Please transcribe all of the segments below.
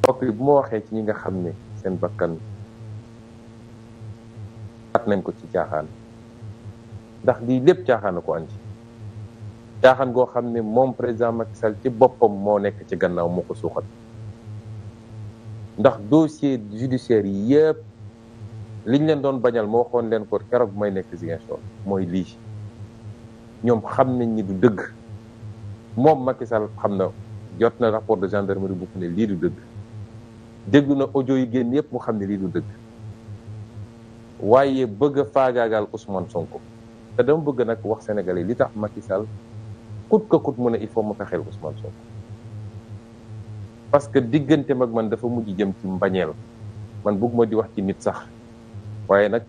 mbokk yi bu ma waxee ci ñi nga xam ne seen bakkan at nañ ko ci caaxaan ndax lii lépp caaxaan a ko andi caaxaan goo xam ne moom président Macky ci boppam moo nekk ci gannaaw moo ko suuxat ndax dossier judiciaire yi yëpp liñ leen doon bañal moo waxoon leen ko keroog may nekk Ziguinchor mooy lii ñoom xam nañ ñi du dëgg moom Macky xam na jot na rapport de gendarmerie bu ko ne lii du dëgg déglu na ojo yi génn yëpp mu xam ne lii du dëgg waaye bëgg a faagaagal Ousmane Sonko te dama bëgg nag wax sénégalais li tax Macky Sall kut ka kut mu ne il faut ma fexeel Ousmane Sonko parce que diggante mag man dafa mujj jëm ci mbañeel man bëgguma di wax ci nit sax waaye nag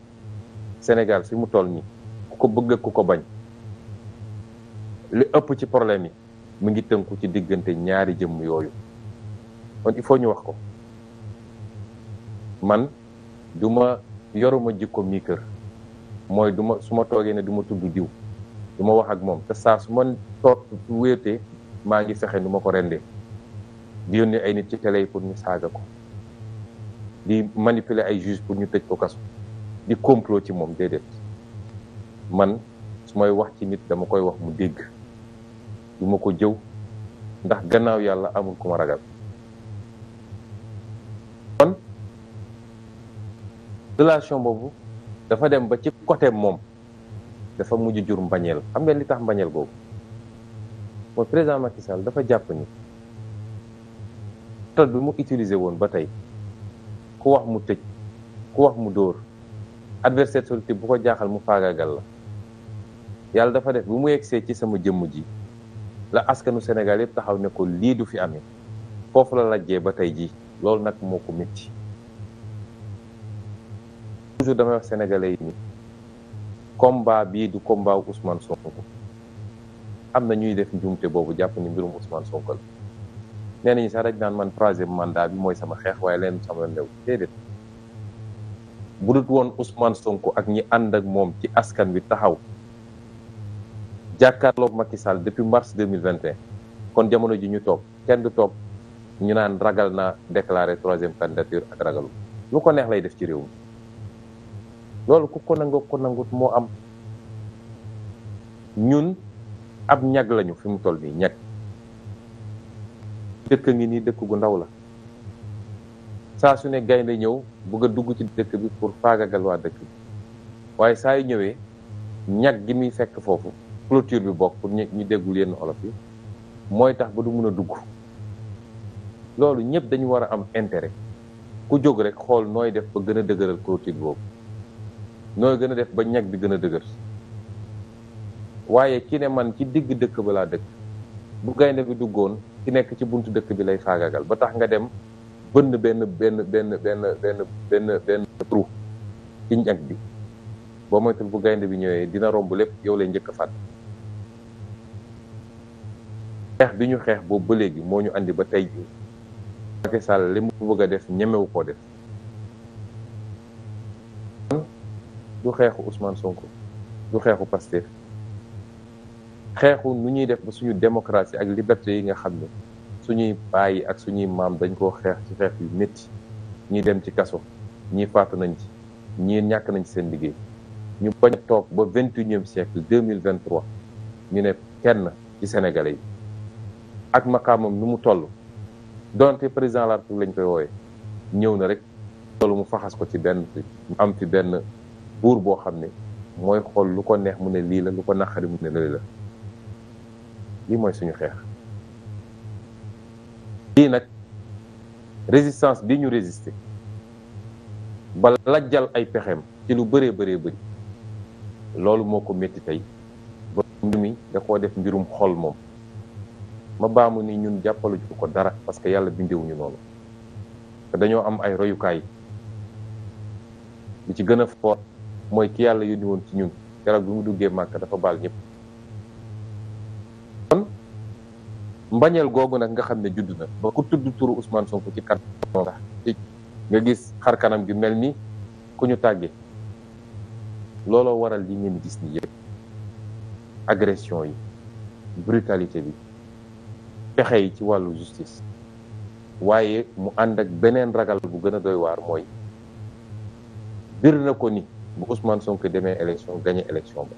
Sénégal fi mu toll nii ku ko bëgg ku ko bañ li ëpp ci problème yi mu ngi tënku ci diggante ñaari jëmm yooyu kon il faut ñu wax ko man du ma yoruma jikko mii kër mooy du ma su ma toogee ne du ma tudd jiw du ma wax ak moom te saa su ma toog wéetee maa ngi fexe nu ma ko rendee di yónnee ay nit ci télé yi pour ñu saaga ko di manipuler ay juge pour ñu tëj ko kaso di complot ci moom déedéet man su may wax ci nit dama koy wax mu dégg duma ko jëw ndax gannaaw yàlla amul ku ma ragal relation boobu dafa dem ba ci côté moom dafa mujj jur mbañeel xam ngeen li tax mbañeel boobu mooy président Macky dafa jàpp ni méthode bi mu utiliser woon ba tey ku wax mu tëj ku wax mu dóor adversaire politique bu ko jaaxal mu faagaagal la yàlla dafa def bu mu yegsee ci sama jëmm ji la askanu Sénégal yëpp taxaw ne lii du fi amee foofu la lajjee ba tey ji loolu nag moo ko métti toujours damay wax sénégalais yi nii combat bii du combat wu Ousmane am na ñuy def njuumte boobu jàpp ni mbirum Ousmane Sonko la nee nañu sax dañ naan man troisième mandat bi mooy sama xeex waaye leen sama ndew déedéet bu dut woon Ousmane Sonko ak ñi ànd ak moom ci askan wi taxaw jàkkaarloog Macky Sall depuis mars 2021 kon jamono ji ñu toog kenn toog ñu naan ragal na déclarer troisième candidature ak ragalu lu ko neex lay def ci réew mi loolu ku ko nangoo ko nangut moo am ñun ab ñag lañu fi mu toll nii ñag dëkk ngi nii dëkk gu ndaw la saa su ne gaynde ñëw bëgg a dugg ci dëkk bi pour faagagal waa dëkk bi waaye saa ñëwee ñag gi muy fekk foofu clôture bi bokk pour ñu déggul yenn olof yi mooy tax ba du mun a dugg loolu ñëpp dañu war a am intérêt ku jóg rek xool nooy def ba gën a dëgëral clôture boobu nooy gën a def ba ñag bi gën a dëgër waaye ki ne man ci digg dëkk ba laa dëkk bu gaynde bi duggoon ki nekk ci buntu dëkk bi lay faagagal ba tax nga dem bënn benn benn benn benn benn benn benn trou ci ñag bi boo moytul bu gaynde bi ñëwee dina romb lépp yow lay njëkk a fàtt xeex bi ñu xeex boobu ba léegi moo ñu andi ba tey jii Macky Sall li mu bëgg a def ñemewu koo def du xeexu Ousmane Sonko du xeexu Pastef xeexu nu ñuy def ba suñu démocratie ak liberté yi nga xam ne suñuy bàyyi ak suñuy maam dañ ko xeex ci xeex yu métti ñi dem ci kaso ñi faatu nañ ci ñi ñàkk nañ ci seen liggéey ñu bañ toog ba vingt et unième siècle deux mille vingt trois ñu ne kenn ci sénégalais yi ak maqaamam nu mu toll donte président la République lañ koy woowee ñëw na rek loolu mu faxas ko ci benn am fi benn buur boo xam ne mooy xool lu ko neex mu ne lii la lu ko naqari mu ne lii la lii mooy suñu xeex lii nag résistance bi ñu résister ba lajjal ay pexeem ci lu bëree bëree bëri loolu moo ko métti tey ba mbir mi da koo def mbirum xol moom ma baamu ni ñun jàppalu ju ko dara parce que yàlla bindewuñu noonu te dañoo am ay royukaay bi ci gën a fort mooy ki yàlla yónni woon ci ñun keroog bi mu duggee màkk dafa baal ñëpp kon mbañeel googu nag nga xam ne judd na ba ku tudd turu Ousmane Sonko ci kanam nga gis xar kanam gi mel ni ku ñu tàggee looloo waral li ngeen gis ni yëpp agression yi brutalité bi pexe yi ci wàllu justice waaye mu ànd ak beneen ragal bu gën a doy waar mooy bir na ko ni bu Ousmane Sonko demee élection gagné élection ba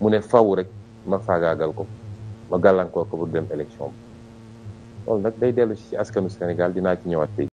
mu ne faw rek ma faagaagal ko ma gàllankoor ko pour dem élection ba loolu nag day dellu ci askanu Sénégal dinaa ci ñëwaat tey